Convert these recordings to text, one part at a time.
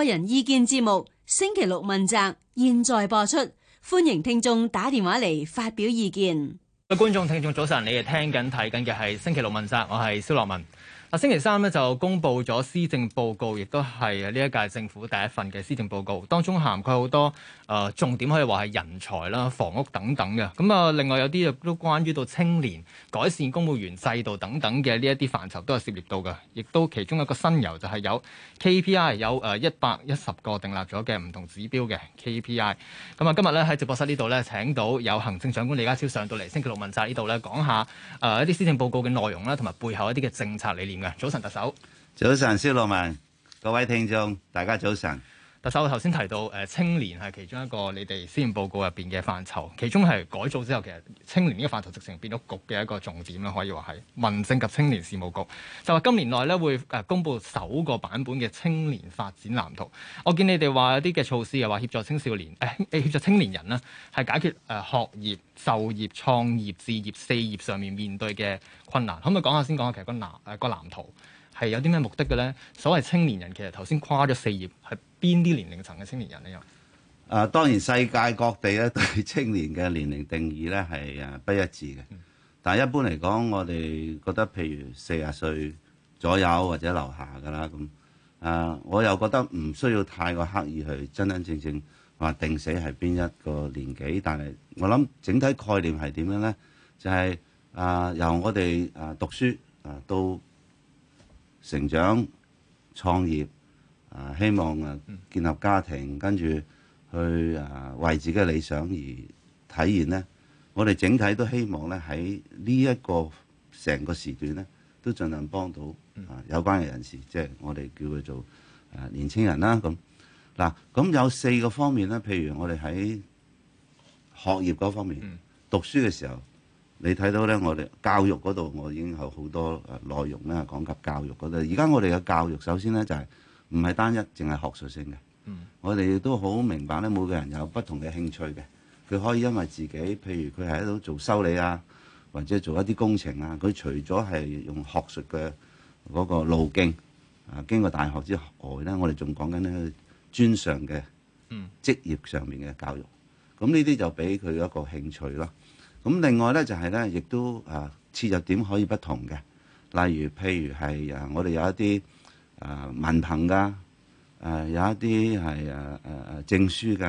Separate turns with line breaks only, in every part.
個人意見節目星期六問責，現在播出，歡迎聽眾打電話嚟發表意見。各
位觀眾聽眾早晨，你哋聽緊睇緊嘅係星期六問責，我係蕭樂文。星期三咧就公布咗施政報告，亦都係呢一屆政府第一份嘅施政報告。當中涵蓋好多誒、呃、重點，可以話係人才啦、房屋等等嘅。咁、嗯、啊，另外有啲亦都關於到青年、改善公務員制度等等嘅呢一啲範疇都係涉獵到嘅。亦都其中一個新猷就係有 KPI，有誒一百一十個訂立咗嘅唔同指標嘅 KPI、嗯。咁啊，今日呢喺直播室呢度呢，請到有行政長官李家超上到嚟星期六問責呢度呢講下誒一啲施政報告嘅內容啦，同埋背後一啲嘅政策理念。早晨，特首。早晨，蕭洛汶，各位聽眾，大家早晨。特首，我頭先提到，誒青年係其中一個你哋施政報告入邊嘅範疇，其中係改造之後，其實青年呢個範疇直情變咗局嘅一個重點啦，可以話係民政及青年事務局就話今年內咧會誒公布首個版本嘅青年發展藍圖。我見你哋話有啲嘅措施又話協助青少年誒協、哎、助青年人呢，係解決誒學業、就業、創業、置業四業上面面對嘅困難，可唔可以講下，先講下其實個藍誒個藍圖？係有啲咩目的嘅咧？所謂青年人，其實頭先跨咗四頁，係邊啲年齡層嘅青年人呢？又
啊，當然世界各地咧對青年嘅年齡定義咧係誒不一致嘅。嗯、但係一般嚟講，我哋覺得譬如四十歲左右或者樓下噶啦咁啊，我又覺得唔需要太過刻意去真真正正話定死係邊一個年紀。但係我諗整體概念係點樣咧？就係、是、啊、呃，由我哋啊讀書啊到。成長、創業，啊希望啊建立家庭，跟住去啊為自己嘅理想而體現咧。我哋整體都希望咧喺呢一個成個時段咧，都盡量幫到啊有關嘅人士，嗯、即係我哋叫佢做年輕人啦咁。嗱，咁有四個方面咧，譬如我哋喺學業嗰方面，嗯、讀書嘅時候。你睇到咧，我哋教育嗰度，我已經有好多內容咧，講及教育嗰度。而家我哋嘅教育，首先咧就係唔係單一，淨係學術性嘅。嗯，我哋都好明白咧，每個人有不同嘅興趣嘅。佢可以因為自己，譬如佢係喺度做修理啊，或者做一啲工程啊，佢除咗係用學術嘅嗰個路徑啊，經過大學之外咧，我哋仲講緊咧專上嘅嗯職業上面嘅教育。咁呢啲就俾佢一個興趣咯。咁另外咧就係、是、咧，亦都啊切入點可以不同嘅，例如譬如係啊，我哋有一啲啊、呃、文憑噶，誒、呃、有一啲係誒誒證書噶，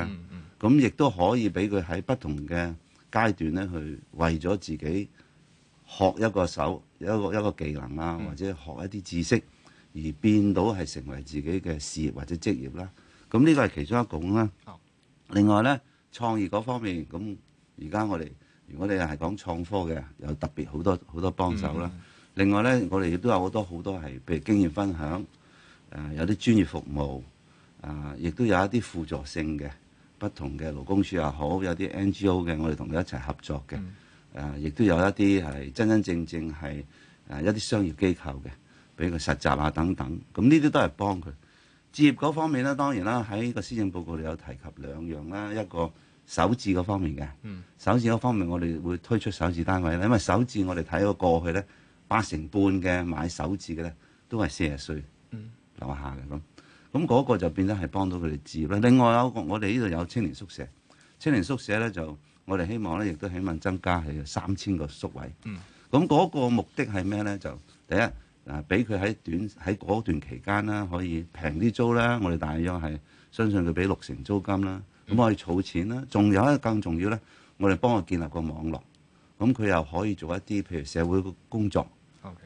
咁亦、嗯嗯、都可以俾佢喺不同嘅階段咧，去為咗自己學一個手一個一個技能啊，嗯、或者學一啲知識而變到係成為自己嘅事業或者職業啦。咁呢個係其中一種啦。哦、另外咧，創業嗰方面，咁而家我哋。如果你係講創科嘅，有特別好多好多幫手啦。嗯、另外呢，我哋亦都有好多好多係，譬如經驗分享，誒有啲專業服務，誒、啊、亦都有一啲輔助性嘅，不同嘅勞工處又好，有啲 NGO 嘅，我哋同佢一齊合作嘅。誒亦、嗯啊、都有一啲係真真正正係誒、啊、一啲商業機構嘅，俾佢實習啊等等。咁呢啲都係幫佢。就業嗰方面呢，當然啦，喺個施政報告裡有提及兩樣啦，一個。首置嗰方面嘅，首置嗰方面我哋會推出首置單位咧，因為首置我哋睇個過去咧，八成半嘅買首置嘅咧都係四十歲樓下嘅咁，咁嗰、嗯嗰個就變咗係幫到佢哋置業啦。另外有一個我哋呢度有青年宿舍，青年宿舍咧就我哋希望咧亦都起碼增加係三千個宿位，咁嗰、嗯、個目的係咩咧？就第一啊，俾佢喺短喺嗰段期間啦，可以平啲租啦，我哋大約係相信佢俾六成租金啦。咁可以儲錢啦，仲有一個更重要咧，我哋幫佢建立個網絡，咁佢又可以做一啲譬如社會嘅工作，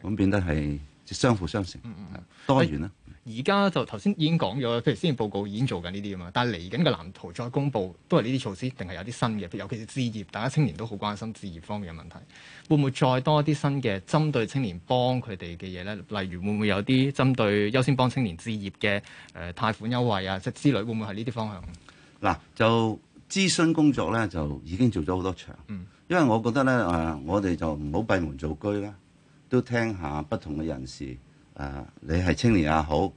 咁變得係相輔相成，Okay. 多元啦。
而家就頭先已經講咗，譬如施政報告已經做緊呢啲啊嘛，但係嚟緊嘅藍圖再公布都係呢啲措施，定係有啲新嘅？尤其是置業，大家青年都好關心置業方面嘅問題，會唔會再多啲新嘅針對青年幫佢哋嘅嘢咧？例如會唔會有啲針對優先幫青年置業嘅誒、呃、貸款優惠啊？即之類，會唔會係呢啲方向？
嗱，就諮詢工作咧，就已經做咗好多場，嗯、因為我覺得咧、啊，我哋就唔好閉門造車啦，都聽下不同嘅人士，啊、你係青年也好，誒、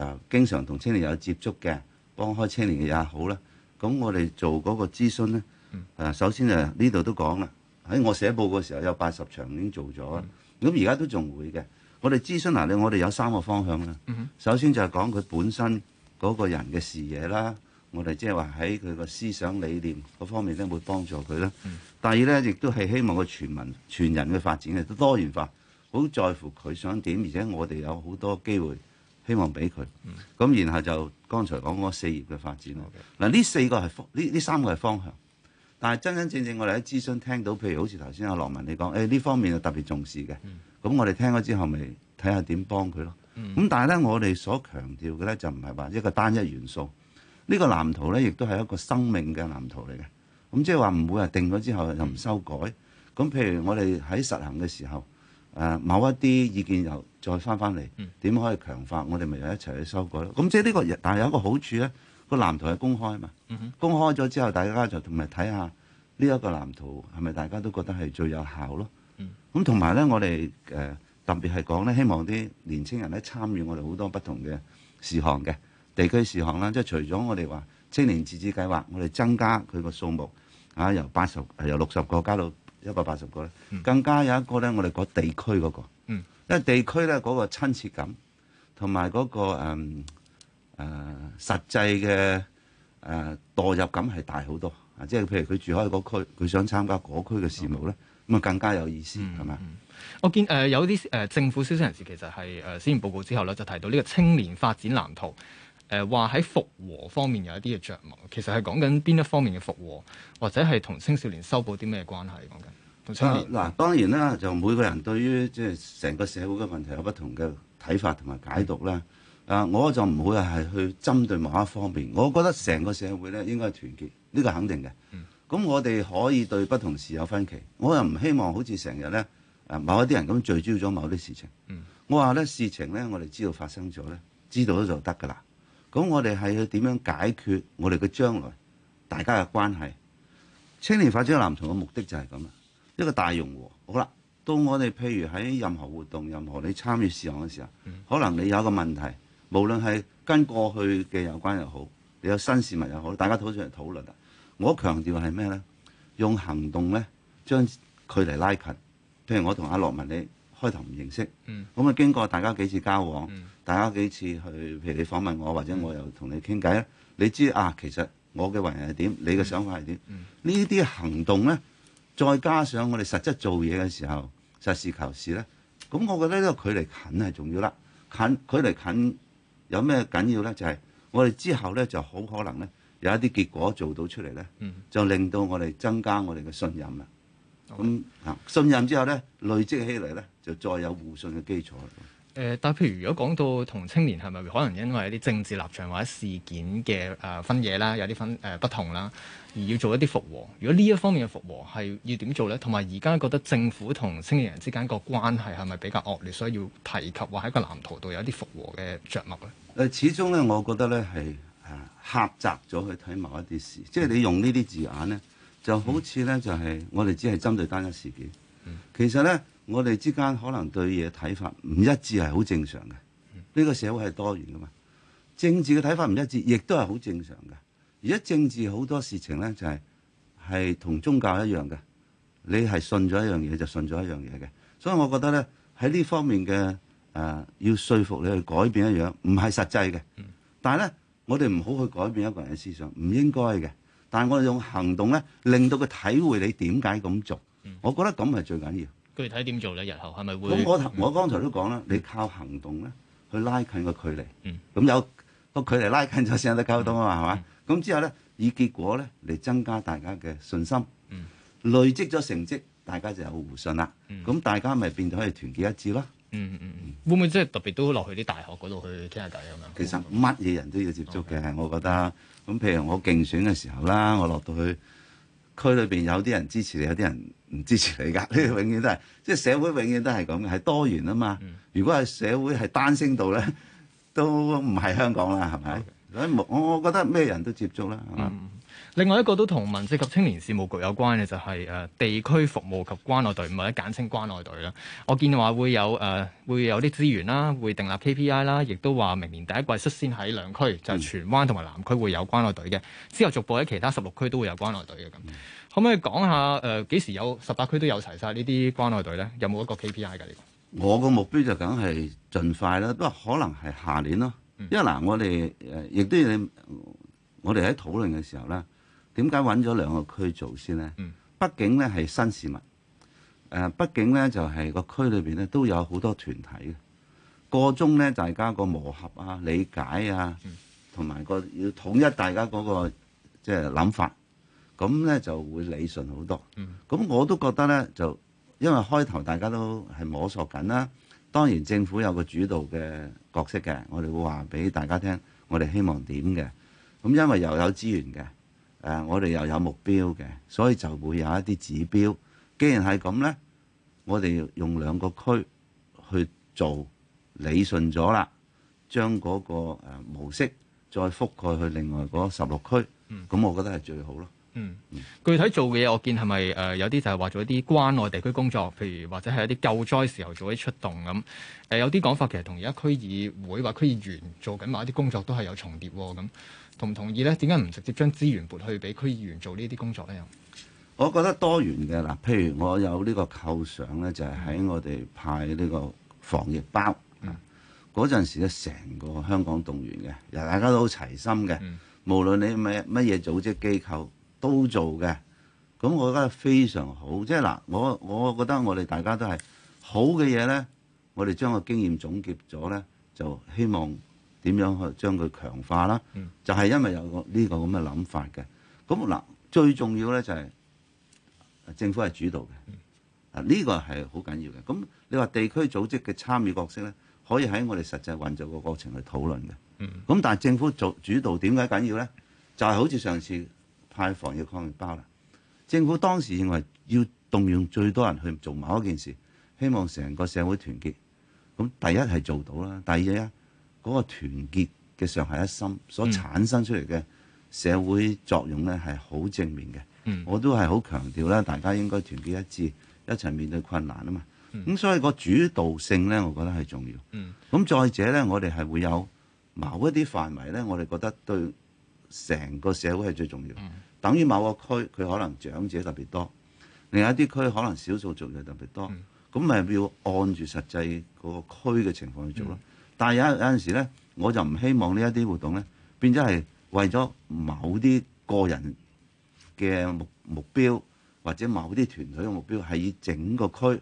啊，經常同青年有接觸嘅，幫開青年嘅也好啦。咁我哋做嗰個諮詢咧、嗯啊，首先誒呢度都講啦，喺我寫報嘅時候有八十場已經做咗，咁而家都仲會嘅。我哋諮詢嗱，你、啊、我哋有三個方向啦，嗯、哼首先就係講佢本身嗰個人嘅視野啦。我哋即係話喺佢個思想理念嗰方面咧，會幫助佢啦。第二咧，亦都係希望個全民全人嘅發展係多元化，好在乎佢想點，而且我哋有好多機會希望俾佢。咁、嗯、然後就剛才講嗰四業嘅發展啦。嗱，呢四個係呢呢三個係方向，但係真真正正我哋喺諮詢聽到，譬如好似頭先阿羅文你講，誒、哎、呢方面係特別重視嘅。咁、嗯、我哋聽咗之後看看怎麼幫他，咪睇下點幫佢咯。咁但係咧，我哋所強調嘅咧，就唔係話一個單一元素。呢個藍圖呢，亦都係一個生命嘅藍圖嚟嘅。咁即係話唔會話定咗之後又唔修改。咁、嗯、譬如我哋喺實行嘅時候，誒、呃、某一啲意見又再翻翻嚟，點、嗯、可以強化？我哋咪又一齊去修改咯。咁即係呢個，但係有一個好處呢，個藍圖係公開嘛。嗯、哼公開咗之後，大家就同埋睇下呢一個藍圖係咪大家都覺得係最有效咯。咁同埋呢，我哋誒、呃、特別係講呢，希望啲年青人呢參與我哋好多不同嘅事項嘅。地區事項啦，即係除咗我哋話青年自治計劃，我哋增加佢個數目嚇、啊，由八十、啊、由六十個加到一百八十個咧，更加有一個咧，我哋講地區嗰、那個，因為地區咧嗰個親切感同埋嗰個誒誒、嗯呃、實際嘅誒代入感係大好多啊，即係譬如佢住開嗰區，佢想參加嗰區嘅事務咧，咁啊更加有意思係嘛？嗯
嗯、嗎我見誒、呃、有啲誒、呃、政府消息人士其實係誒先完報告之後咧，就提到呢個青年發展藍圖。誒話喺復和方面有一啲嘅着墨，其實係講緊邊一方面嘅復和，或者係同青少年修補啲咩關係？講緊同
青少年嗱，當然啦，就每個人對於即係成個社會嘅問題有不同嘅睇法同埋解讀啦。嗯、啊，我就唔會係去針對某一方面，我覺得成個社會咧應該係團結，呢個肯定嘅。嗯。咁我哋可以對不同事有分歧，我又唔希望好似成日咧誒某一啲人咁聚焦咗某啲事情。嗯、我話咧事情咧，我哋知道發生咗咧，知道咗就得㗎啦。如果我哋係去點樣解決我哋嘅將來大家嘅關係？青年發展藍圖嘅目的就係咁啊，一個大融合。好啦，到我哋譬如喺任何活動、任何你參與事項嘅時候，可能你有一個問題，無論係跟過去嘅有關又好，你有新事物又好，大家攞出嚟討論啊。我強調係咩呢？用行動呢將距離拉近。譬如我同阿羅文咧。開頭唔認識，咁啊經過大家幾次交往，嗯、大家幾次去，譬如你訪問我，或者我又同你傾偈咧，嗯、你知啊，其實我嘅為人係點，你嘅想法係點？呢啲、嗯嗯、行動咧，再加上我哋實質做嘢嘅時候，實事求是咧，咁我覺得呢個距離近係重要啦，近距離近有咩緊要咧？就係、是、我哋之後咧就好可能咧有一啲結果做到出嚟咧，就令到我哋增加我哋嘅信任啦。咁啊信任之後咧累積起嚟咧。就再有互信嘅基礎。
誒，但譬如如果講到同青年係咪可能因為一啲政治立場或者事件嘅誒分野啦，有啲分誒不同啦，而要做一啲復和。如果呢一方面嘅復和係要點做咧？同埋而家覺得政府同青年人之間個關係係咪比較惡劣，所以要提及話喺個藍圖度有一啲復和嘅着墨
咧？誒，始終咧，我覺得咧係誒狹窄咗去睇某一啲事，即係你用呢啲字眼咧，就好似咧就係我哋只係針對單一事件。其實咧。我哋之間可能對嘢睇法唔一致係好正常嘅。呢個社會係多元噶嘛，政治嘅睇法唔一致，亦都係好正常嘅。而家政治好多事情咧，就係係同宗教一樣嘅。你係信咗一樣嘢就信咗一樣嘢嘅，所以我覺得咧喺呢方面嘅誒，要説服你去改變一樣唔係實際嘅。但係咧，我哋唔好去改變一個人嘅思想，唔應該嘅。但係我哋用行動咧，令到佢體會你點解咁做。我覺得咁係最緊要。
具體點做咧？日後係咪會咁？我我剛才都
講啦，嗯、你靠行動咧去拉近個距離，咁、嗯、有個距離拉近咗先得溝通啊嘛，係嘛、嗯？咁之後咧以結果咧嚟增加大家嘅信心，嗯、累積咗成績，大家就有互信啦。咁、嗯、大家咪變咗可以團結一致咯、嗯。嗯嗯嗯，
會唔會即係特別都落去啲大學嗰度去傾
下偈咁啊？其實乜嘢人都要接觸嘅，係 Okay. 我覺得。咁譬如我競選嘅時候啦，我落到去區裏邊有啲人支持你，有啲人，唔支持你㗎，呢個永遠都係，即係社會永遠都係咁嘅，係多元啊嘛。如果係社會係單聲道咧，都唔係香港啦，係咪？所以我我覺得咩人都接觸啦，係嘛。嗯
另外一個都同民政及青年事務局有關嘅就係誒地區服務及關愛隊，或者簡稱關愛隊啦。我見話會有誒、呃、會有啲資源啦，會訂立 KPI 啦，亦都話明年第一季率先喺兩區，就係荃灣同埋南區會有關愛隊嘅，之後逐步喺其他十六區都會有關愛隊嘅咁。嗯、可唔可以講下誒幾、呃、時有十八區都有齊晒呢啲關愛隊咧？這個、有冇一個 KPI 㗎？呢個
我個目標就梗係盡快啦，不過可能係下年咯。因為嗱、呃，我哋誒、呃、亦都要你我哋喺討論嘅時候咧。點解揾咗兩個區做先呢？畢竟呢係新事物，誒，畢竟呢就係個區裏邊呢都有好多團體嘅個中呢，大家個磨合啊、理解啊，同埋個要統一大家嗰個即係諗法，咁呢，就會理順好多。咁我都覺得呢，就因為開頭大家都係摸索緊啦。當然政府有個主導嘅角色嘅，我哋會話俾大家聽，我哋希望點嘅咁，因為又有資源嘅。誒、啊，我哋又有目標嘅，所以就會有一啲指標。既然係咁呢，我哋用兩個區去做理順咗啦，將嗰個模式再覆蓋去另外嗰十六區，咁、嗯、我覺得係最好咯。嗯，嗯
具體做嘅嘢，我見係咪誒有啲就係話做一啲關愛地區工作，譬如或者係一啲救災時候做一啲出動咁。誒、呃，有啲講法其實同而家區議會或區議員做緊某一啲工作都係有重疊喎咁。同唔同意呢？點解唔直接將資源撥去俾區議員做呢啲工作呢？
我覺得多元嘅嗱，譬如我有呢個構想呢，就係喺我哋派呢個防疫包嗰陣、嗯、時咧，成個香港動員嘅，大家都好齊心嘅，嗯、無論你係乜嘢組織機構都做嘅。咁我覺得非常好，即係嗱，我我覺得我哋大家都係好嘅嘢呢，我哋將個經驗總結咗呢，就希望。點樣去將佢強化啦？就係、是、因為有這個呢個咁嘅諗法嘅。咁嗱，最重要咧就係政府係主導嘅。啊、這個，呢個係好緊要嘅。咁你話地區組織嘅參與角色咧，可以喺我哋實際運作個過程去討論嘅。咁但係政府做主導，點解緊要咧？就係、是、好似上次派防疫抗疫包啦。政府當時認為要動用最多人去做某一件事，希望成個社會團結。咁第一係做到啦，第二一。嗰個團結嘅上下一心所產生出嚟嘅社會作用呢，係好正面嘅。嗯、我都係好強調啦，嗯、大家應該團結一致，一齊面對困難啊嘛。咁、嗯、所以個主導性呢，我覺得係重要。咁、嗯、再者呢，我哋係會有某一啲範圍呢，我哋覺得對成個社會係最重要。嗯、等於某個區佢可能長者特別多，另一啲區可能少數族人特別多，咁咪、嗯、要按住實際嗰個區嘅情況去做咯。嗯但係有有陣時咧，我就唔希望呢一啲活動咧變咗係為咗某啲個人嘅目標，或者某啲團隊嘅目標，係以整個區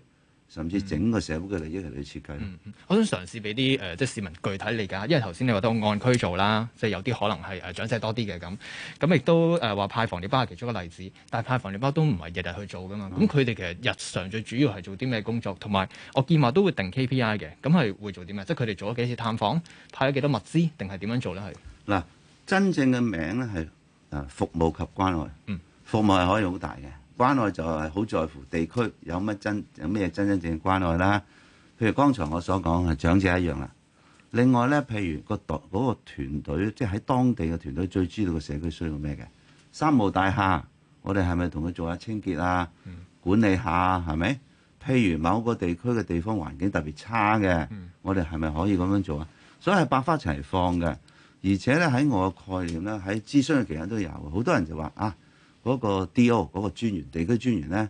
甚至整個社會嘅利益嚟設計咯、嗯嗯。
我想嘗試俾啲誒即係市民具體理解，因為頭先你話都按區做啦，即係有啲可能係誒掌勢多啲嘅咁，咁亦都誒話、呃、派防疫包係其中一個例子，但係派防疫包都唔係日日去做噶嘛。咁佢哋其實日常最主要係做啲咩工作？同埋我見話都會定 KPI 嘅，咁係會做啲咩？即係佢哋做咗幾次探訪，派咗幾多物資，定係點樣做咧？係嗱，真
正嘅名咧係誒服務及關愛，嗯，服務係可以好大嘅。關愛就係好在乎地區有乜真有咩真真正正關愛啦。譬如剛才我所講嘅長者一樣啦。另外咧，譬如、嗰個隊嗰、嗰個團隊，即係喺當地嘅團隊，最知道個社區需要咩嘅。三號大廈，我哋係咪同佢做下清潔啊？嗯、管理下係咪？譬如某個地區嘅地方環境特別差嘅，我哋係咪可以咁樣做啊？所以係百花齊放嘅，而且咧喺我嘅概念咧，喺諮詢嘅期間都有。好多人就話啊。嗰個 DO，嗰個專員、地區專員咧，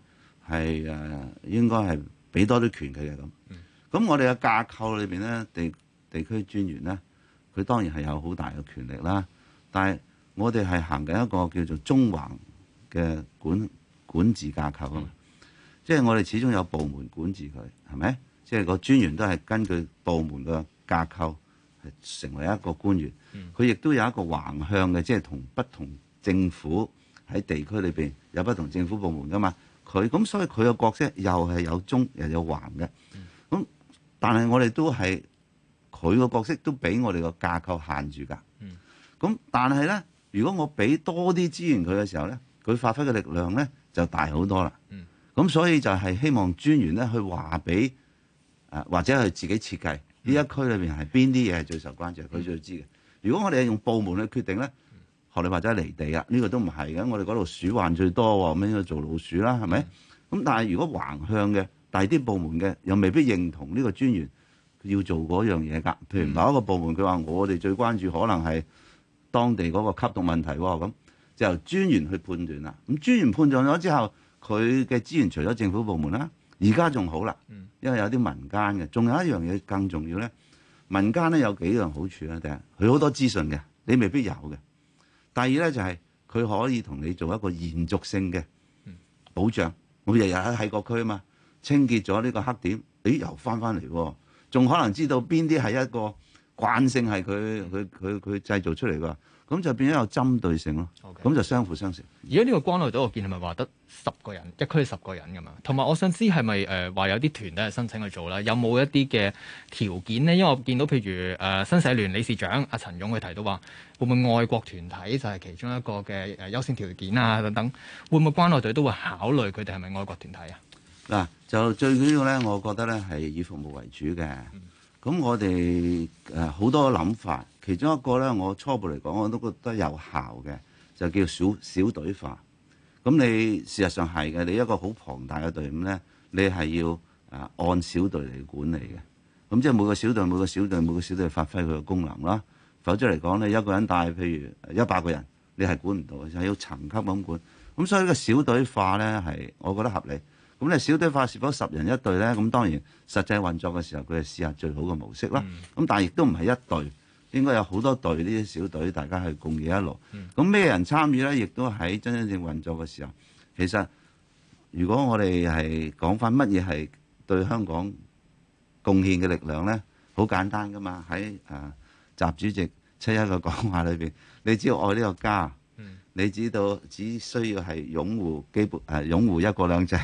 係誒、呃、應該係俾多啲權佢嘅，咁。咁、嗯、我哋嘅架構裏面咧，地地區專員咧，佢當然係有好大嘅權力啦。但係我哋係行緊一個叫做中橫嘅管管治架構啊嘛，即係、嗯、我哋始終有部門管治佢，係咪？即、就、係、是、個專員都係根據部門嘅架構係成為一個官員，佢亦、嗯、都有一個橫向嘅，即係同不同政府。喺地區裏邊有不同政府部門噶嘛，佢咁所以佢個角色又係有中又有橫嘅，咁但係我哋都係佢個角色都俾我哋個架構限住㗎，
咁
但係咧，如果我俾多啲資源佢嘅時候咧，佢發揮嘅力量咧就大好多啦，咁所以就係希望專員咧去話俾啊，或者係自己設計呢一區裏邊係邊啲嘢係最受關注，佢最知嘅。如果我哋係用部門去決定咧。學你話齋離地啊！呢個都唔係嘅，我哋嗰度鼠患最多喎，咁應該做老鼠啦，係咪？咁但係如果橫向嘅，大啲部門嘅又未必認同呢個專員要做嗰樣嘢㗎。譬如某一個部門，佢話我哋最關注可能係當地嗰個吸毒問題喎，咁就由專員去判斷啦。咁專員判斷咗之後，佢嘅資源除咗政府部門啦，而家仲好啦，因為有啲民間嘅。仲有一樣嘢更重要咧，民間咧有幾樣好處咧，第一，佢好多資訊嘅，你未必有嘅。第二咧就係佢可以同你做一個延續性嘅保障，我日日喺個區啊嘛，清潔咗呢個黑點，咦又翻翻嚟喎，仲可能知道邊啲係一個慣性係佢佢佢佢製造出嚟㗎。咁就變咗有針對性咯，咁 Okay. 就相輔相成。
而家呢個關愛隊我見係咪話得十個人，一區十個人咁樣？同埋我想知係咪誒話有啲團隊係申請去做啦？有冇一啲嘅條件呢？因為我見到譬如誒、呃、新社聯理事長阿陳勇佢提到話，會唔會外國團體就係其中一個嘅誒優先條件啊等等？會唔會關愛隊都會考慮佢哋係咪外國團體啊？
嗱，就最緊要咧，我覺得咧係以服務為主嘅。嗯咁我哋誒好多諗法，其中一個咧，我初步嚟講，我都覺得有效嘅，就叫小小隊化。咁你事實上係嘅，你一個好龐大嘅隊伍咧，你係要啊按小隊嚟管理嘅。咁即係每個小隊、每個小隊、每個小隊發揮佢嘅功能啦。否則嚟講你一個人帶譬如一百個人，你係管唔到，係要層級咁管。咁所以呢個小隊化咧係，我覺得合理。咁你小隊化是否十人一隊咧？咁當然實際運作嘅時候，佢係試下最好嘅模式啦。咁、嗯、但係亦都唔係一隊，應該有好多隊呢啲小隊，大家去共議一路，咁咩、嗯、人參與咧？亦都喺真真正運作嘅時候，其實如果我哋係講翻乜嘢係對香港貢獻嘅力量咧，好簡單噶嘛。喺誒、呃、習主席七一嘅講話裏邊，你只要愛呢個家，嗯、你知道只需要係擁護基本誒擁、呃、護一國兩制，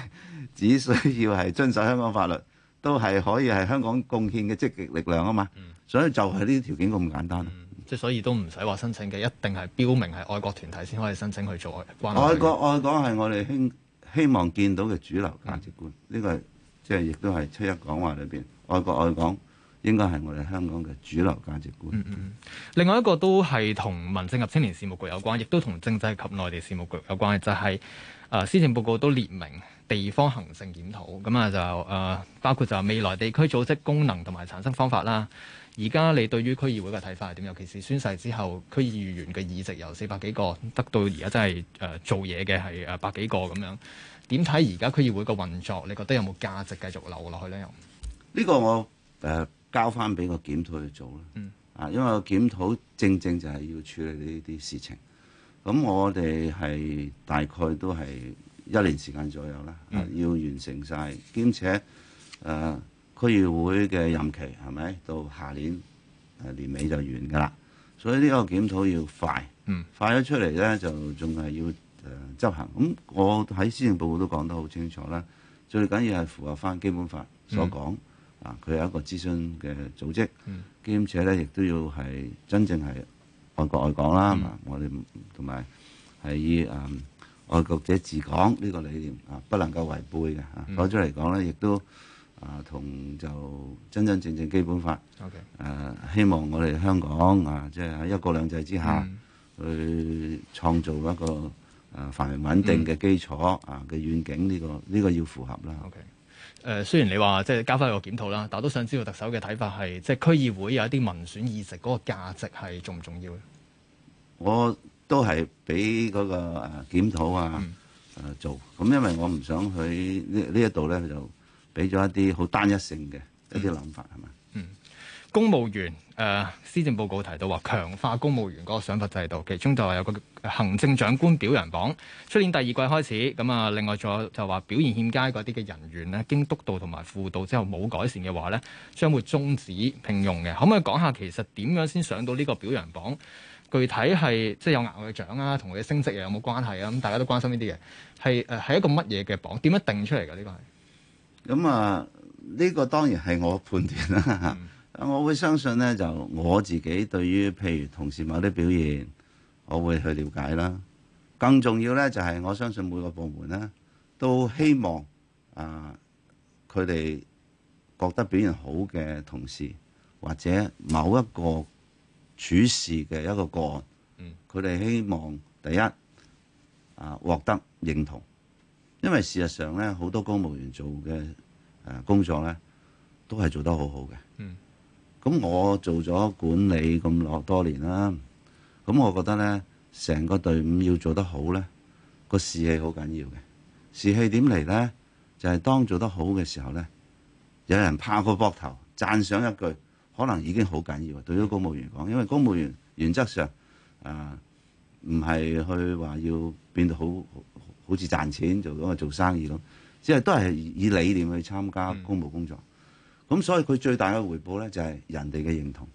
只需要係遵守香港法律，都係可以係香港貢獻嘅積極力量啊嘛、嗯所嗯！所以就係呢啲條件咁簡單。即
係所以都唔使話申請嘅，一定係標明係愛國團體先可以申請去做關愛。愛國
愛港係我哋希希望見到嘅主流價值觀。呢、嗯、個係即係亦都係七一講話裏邊，愛國愛港應該係我哋香港嘅主流價值觀。
嗯嗯另外一個都係同民政及青年事務局有關，亦都同政制及內地事務局有關嘅，就係、是。誒施政報告都列明地方行政檢討，咁啊就誒、呃、包括就未來地區組織功能同埋產生方法啦。而家你對於區議會嘅睇法係點？尤其是宣誓之後，區議、議員嘅議席由四百幾個，得到而家真係誒、呃、做嘢嘅係誒百幾個咁樣。點睇而家區議會嘅運作？你覺得有冇價值繼續留落去呢？又呢個我誒、呃、
交翻俾個檢討去做啦。啊，因為個檢討正正就係要處理呢啲事情。咁我哋係大概都係一年時間左右啦，嗯、要完成晒。兼且誒、呃、區議會嘅任期係咪到下年誒、呃、年尾就完㗎啦？所以呢個檢討要快，嗯、快咗出嚟咧就仲係要誒、呃、執行。咁我喺施政報告都講得好清楚啦，最緊要係符合翻基本法所講，嗯、啊佢有一個諮詢嘅組織，兼且咧亦都要係真正係。外國嚟講啦，嗯、我哋同埋係以啊、呃、愛國者治港呢個理念啊，不能夠違背嘅。講、嗯、出嚟講咧，亦都啊同、呃、就真真正正基本法，誒 Okay.、呃，希望我哋香港啊，即係喺一國兩制之下、嗯、去創造一個誒、呃、繁榮穩定嘅基礎啊嘅願景呢、這個呢、這個要符合啦。Okay.
誒雖然你話即係交翻個檢討啦，但係我都想知道特首嘅睇法，係即係區議會有一啲民選議席嗰個價值係重唔重要咧？
我都係俾嗰個誒檢討啊誒、嗯啊、做，咁因為我唔想去這這裡呢呢一度咧就俾咗一啲好單一性嘅、嗯、一啲諗法係嘛。是
公務員誒呃、施政報告提到話強化公務員嗰個賞罰制度，其中就話有個行政長官表揚榜，出年第二季開始。咁、嗯、啊，另外仲有就話表現欠佳嗰啲嘅人員呢，經督導同埋輔導之後冇改善嘅話呢，將會終止聘用嘅。可唔可以講下其實點樣先上到呢個表揚榜？具體係即係有額外嘅獎啊，同佢嘅升職又有冇關係啊？咁大家都關心呢啲嘢，係誒係一個乜嘢嘅榜？點樣定出嚟嘅呢個係？
咁啊、嗯，呢個當然係我判斷啦我會相信咧，就我自己對於譬如同事某啲表現，我會去了解啦。更重要咧，就係我相信每個部門咧都希望啊，佢哋覺得表現好嘅同事或者某一個處事嘅一個個案，佢哋希望第一啊，獲得認同，因為事實上咧，好多公務員做嘅誒工作咧都係做得好好嘅。咁我做咗管理咁耐多年啦、啊，咁我覺得呢，成個隊伍要做得好呢，個士氣好緊要嘅。士氣點嚟呢？就係、是、當做得好嘅時候呢，有人拍個膊頭讚賞一句，可能已經好緊要。對於公務員講，因為公務員原則上唔係、呃、去話要變到好好似賺錢做咁啊做生意咁，只係都係以理念去參加公務工作。嗯咁所以佢最大嘅回報咧，就係人哋嘅認同。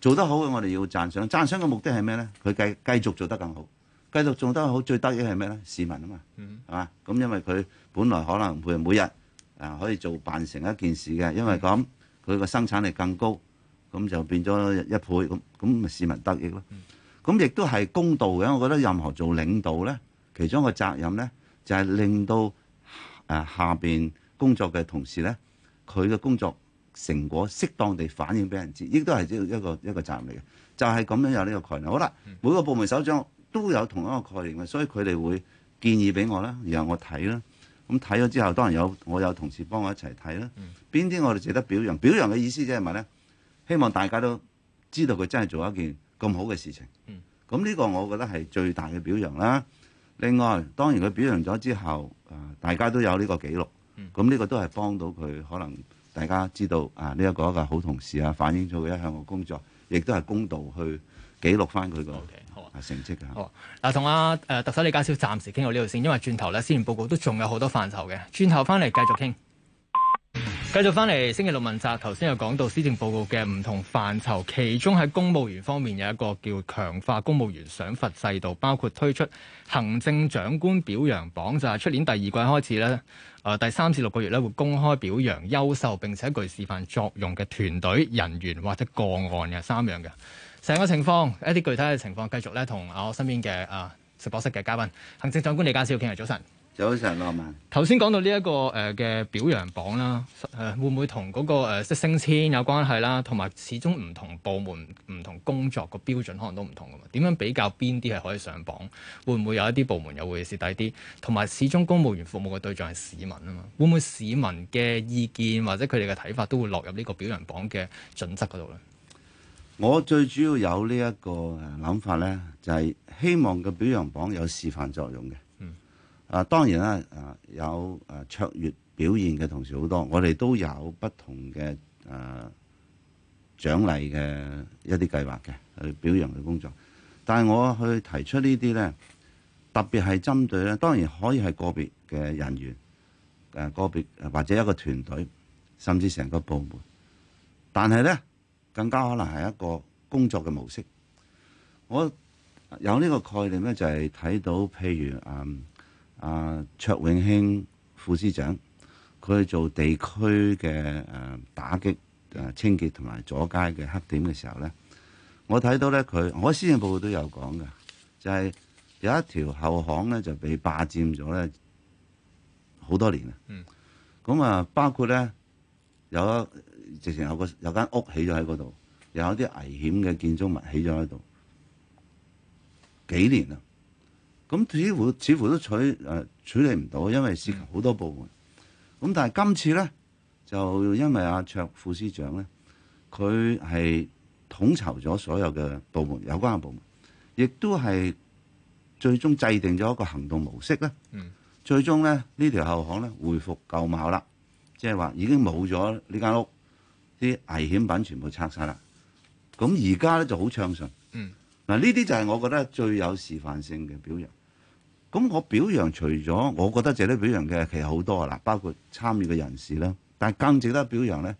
做得好嘅，我哋要讚賞。讚賞嘅目的係咩咧？佢繼繼續做得更好，繼續做得好，最得益係咩咧？市民啊嘛，係嘛？咁因為佢本來可能會每日啊可以做辦成一件事嘅，因為咁佢個生產力更高，咁就變咗一倍。咁咁咪市民得益咯。咁亦都係公道嘅。我覺得任何做領導咧，其中一個責任咧，就係令到誒下邊工作嘅同事咧，佢嘅工作。成果適當地反映俾人知，亦都係一個一個一個責任嚟嘅。就係、是、咁樣有呢個概念。好啦，嗯、每個部門首長都有同一個概念嘅，所以佢哋會建議俾我啦，然後我睇啦。咁睇咗之後，當然有我有同事幫我一齊睇啦。邊啲我哋值得表揚？表揚嘅意思即係咩呢？希望大家都知道佢真係做一件咁好嘅事情。咁、嗯、呢、嗯、個我覺得係最大嘅表揚啦。另外，當然佢表揚咗之後，啊、呃，大家都有呢個記錄。咁、嗯、呢、嗯、個都係幫到佢可能。大家知道啊，呢、這、一個一個好同事啊，反映咗佢一向嘅工作，亦都係公道去記錄翻佢個成績嘅。哦、
okay,，嗱、啊，同阿誒特首李家超，暫時傾到呢度先，因為轉頭咧，施政報告都仲有好多範疇嘅。轉頭翻嚟繼續傾，繼 續翻嚟星期六問責，頭先有講到施政報告嘅唔同範疇，其中喺公務員方面有一個叫強化公務員賞罰制度，包括推出行政長官表揚榜，就係、是、出年第二季開始咧。誒第三至六個月咧，會公開表揚優秀並且具示範作用嘅團隊人員或者個案嘅。三樣嘅成個情況，一啲具體嘅情況，繼續咧同我身邊嘅誒直播室嘅嘉賓行政長官李家超傾日。早晨。早晨，羅文、這個。頭先講到呢一個誒嘅表揚榜啦，誒、呃、會唔會同嗰、那個誒、呃、升升遷有關係啦？同埋始終唔同部門、唔同工作個標準可能都唔同噶嘛？點樣比較邊啲係可以上榜？會唔會有一啲部門又會蝕底啲？同埋始終公務員服務嘅對象係市民啊嘛？會唔會市民嘅意見或者佢哋嘅睇法都會落入呢個表揚榜嘅準則嗰度咧？
我最主要有這個想法呢一個諗法咧，就係、是、希望個表揚榜有示範作用嘅。啊，當然啦、啊，啊有啊卓越表現嘅同事好多，我哋都有不同嘅誒、啊、獎勵嘅一啲計劃嘅去表揚嘅工作。但係我去提出呢啲呢，特別係針對咧，當然可以係個別嘅人員，誒、啊、個別或者一個團隊，甚至成個部門。但係呢，更加可能係一個工作嘅模式。我有呢個概念呢，就係睇到譬如誒。嗯阿、啊、卓永興副司長，佢做地區嘅誒打擊誒、啊、清潔同埋阻街嘅黑點嘅時候咧，我睇到咧佢，我喺施政報告都有講㗎，就係、是、有一條後巷咧就被霸佔咗咧，好多年啊。咁啊、嗯，包括咧有，有，有一直情有個有間屋起咗喺嗰度，又有啲危險嘅建築物起咗喺度，幾年啦。咁似乎似乎都處、呃、處理唔到，因為涉及好多部門。咁、嗯、但係今次咧，就因為阿、啊、卓副司長咧，佢係統籌咗所有嘅部門，嗯、有關嘅部門，亦都係最終制定咗一個行動模式咧。嗯、最終咧呢條後巷咧恢復舊貌啦，即係話已經冇咗呢間屋，啲危險品全部拆晒啦。咁而家咧就好暢順。嗯。嗱呢啲就係我覺得最有示範性嘅表現。咁我表揚除咗，我覺得值得表揚嘅其實好多啊！嗱，包括參與嘅人士啦，但係更值得表揚咧，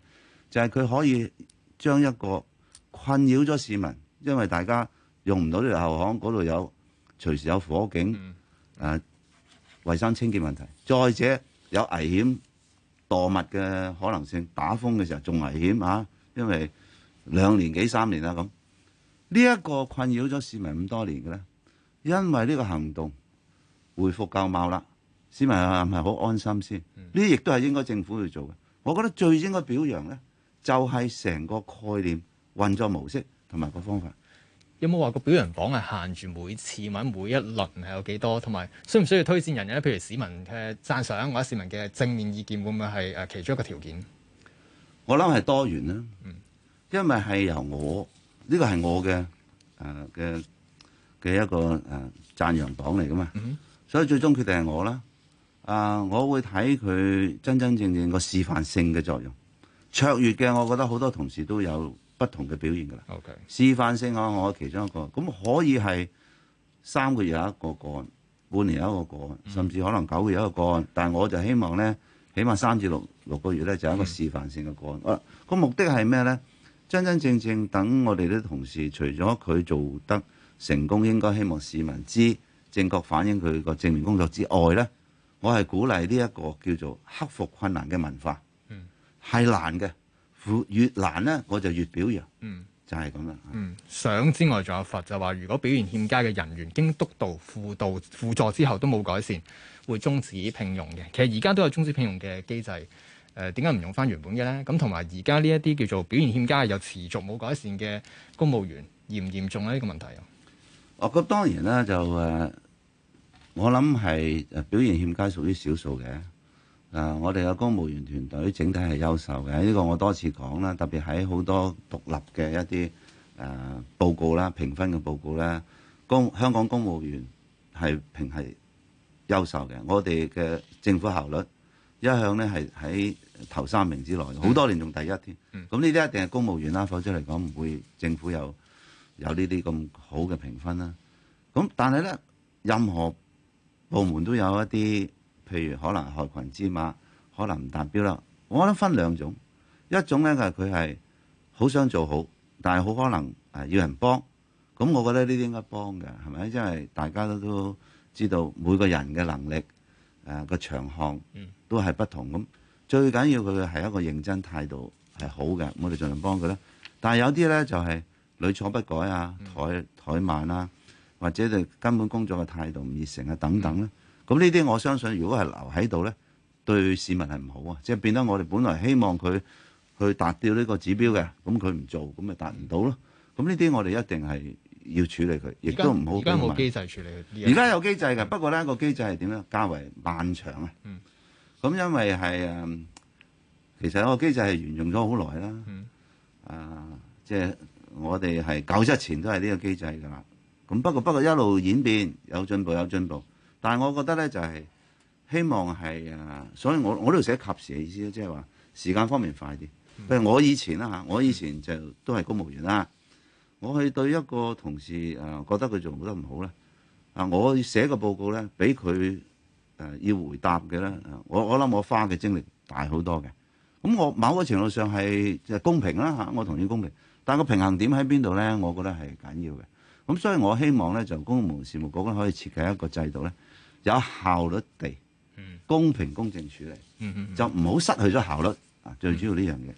就係佢可以將一個困擾咗市民，因為大家用唔到啲後巷，嗰度有隨時有火警，啊，衛生清潔問題，再者有危險，墮物嘅可能性，打風嘅時候仲危險啊！因為兩年幾三年啦，咁，呢一個困擾咗市民咁多年嘅咧，因為呢個行動，回復舊貌啦，市民係咪好安心先？呢啲亦都係應該政府去做嘅。我覺得最應該表揚咧，就係成個概念、運作模式同埋個方法。
有冇話個表揚榜係限住每次或者每一輪係有幾多？同埋需唔需要推薦人咧？譬如市民嘅讚賞或者市民嘅正面意見，會唔會係誒其中一個條件？
我諗係多元啦，因為係由我呢、呢個係我嘅誒嘅嘅一個誒讚揚榜嚟噶嘛。嗯所以最終決定係我啦，啊，我會睇佢真真正正個示範性嘅作用。卓越嘅，我覺得好多同事都有不同嘅表現㗎啦。OK，示範性啊，我的其中一個咁可以係三個月有一個個案，半年有一個個案，甚至可能九個月有一個個案。但我就希望咧，起碼三至六六個月咧，就係、一個示範性嘅個案。個、嗯啊、目的係咩咧？真真正正等我哋啲同事，除咗佢做得成功，應該希望市民知。正確反映佢個正面工作之外呢，我係鼓勵呢一個叫做克服困難嘅文化，係、嗯、難嘅，越難呢，我就越
表揚，嗯、就係咁啦。想之外仲有罰，就話如果表現欠佳嘅人員經督導、輔導、輔助之後都冇改善，會終止聘用嘅。其實而家都有終止聘用嘅機制，誒點解唔用翻原本嘅呢？咁同埋而家呢一啲叫做表現欠佳又持續冇改善嘅公務員，嚴唔嚴重呢？呢、呢個問題？哦，咁當然啦，
就誒，我諗係表現欠佳屬於少數嘅。啊，我哋嘅公務員團隊整體係優秀嘅，呢個我多次講啦。特別喺好多獨立嘅一啲誒報告啦、評分嘅報告啦。公香港公務員係評係優秀嘅。我哋嘅政府效率一向咧係喺頭三名之內，好多年仲第一添。咁呢啲一定係公務員啦，否則嚟講唔會政府有。有呢啲咁好嘅評分啦，咁但係咧，任何部門都有一啲，譬如可能害群之馬，可能唔達標啦。我覺得分兩種，一種咧就佢係好想做好，但係好可能誒要人幫。咁我覺得呢啲應該幫嘅，係咪？因為大家都都知道每個人嘅能力誒個、呃、長項都係不同。咁最緊要佢嘅係一個認真態度係好嘅，我哋盡量幫佢啦。但係有啲咧就係、是。屢錯不改啊，怠怠慢啊，或者佢根本工作嘅態度唔熱誠啊，等等咧、啊，咁呢啲我相信，如果係留喺度咧，對市民係唔好啊，即、就、係、是、變得我哋本來希望佢去達掉呢個指標嘅，咁佢唔做，咁咪達唔到咯。咁呢啲我哋一定係要處理佢，亦都唔好。而家冇機制
處理。而家
有機制嘅，不過咧、那個機制係點咧？較為漫長啊。咁、嗯、因為係，誒，其實個機制係沿用咗好耐啦。嗯、啊，即係。我哋係九七前都係呢個機制㗎啦，咁不過不過一路演變，有進步有進步。但係我覺得咧就係希望係啊，所以我我呢度寫及時嘅意思，即係話時間方面快啲。譬如我以前啦嚇，我以前就都係公務員啦，我去對一個同事誒，覺得佢做得唔好咧，啊我寫個報告咧，俾佢誒要回答嘅啦，我我諗我花嘅精力大好多嘅，咁我某個程度上係就公平啦嚇，我同意公平。但個平衡點喺邊度咧？我覺得係緊要嘅。咁所以我希望咧，就公務事務局可以設計一個制度咧，有效率地、公平公正處理，就唔好失去咗效率。啊，最主要呢樣嘢。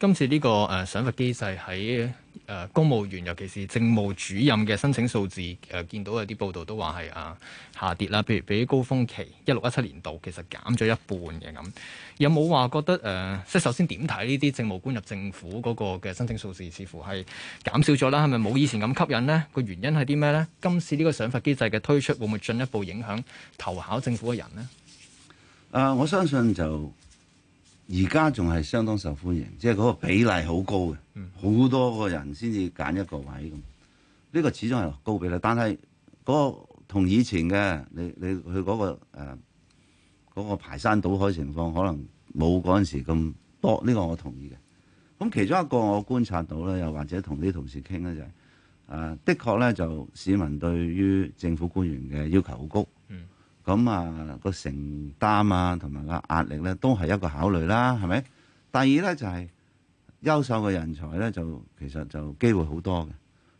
今次呢個誒賞罰機制喺。誒、呃、公務員尤其是政務主任嘅申請數字，誒、呃、見到有啲報道都話係啊下跌啦，譬如比高峰期一六一七年度其實減咗一半嘅咁，有冇話覺得誒、呃，即係首先點睇呢啲政務官入政府嗰個嘅申請數字，似乎係減少咗啦？係咪冇以前咁吸引呢？個原因係啲咩呢？今次呢個想法機制嘅推出會唔會進一步影響投考政府嘅人呢？誒、呃，我相信
就。而家仲係相當受歡迎，即係嗰個比例好高嘅，好、嗯、多個人先至揀一個位咁。呢、呢個始終係高比例，但係嗰個同以前嘅你你佢嗰、嗰個誒、呃、嗰個、排山倒海情況，可能冇嗰陣時咁多。呢、呢個我同意嘅。咁其中一個我觀察到咧，又或者同啲同事傾咧，就係、係、啊、呃，的確咧就市民對於政府官員嘅要求好高。咁啊，個承擔啊，同埋個壓力咧，都係一個考慮啦，係咪？第二咧就係、是、優秀嘅人才咧，就其實就機會好多嘅。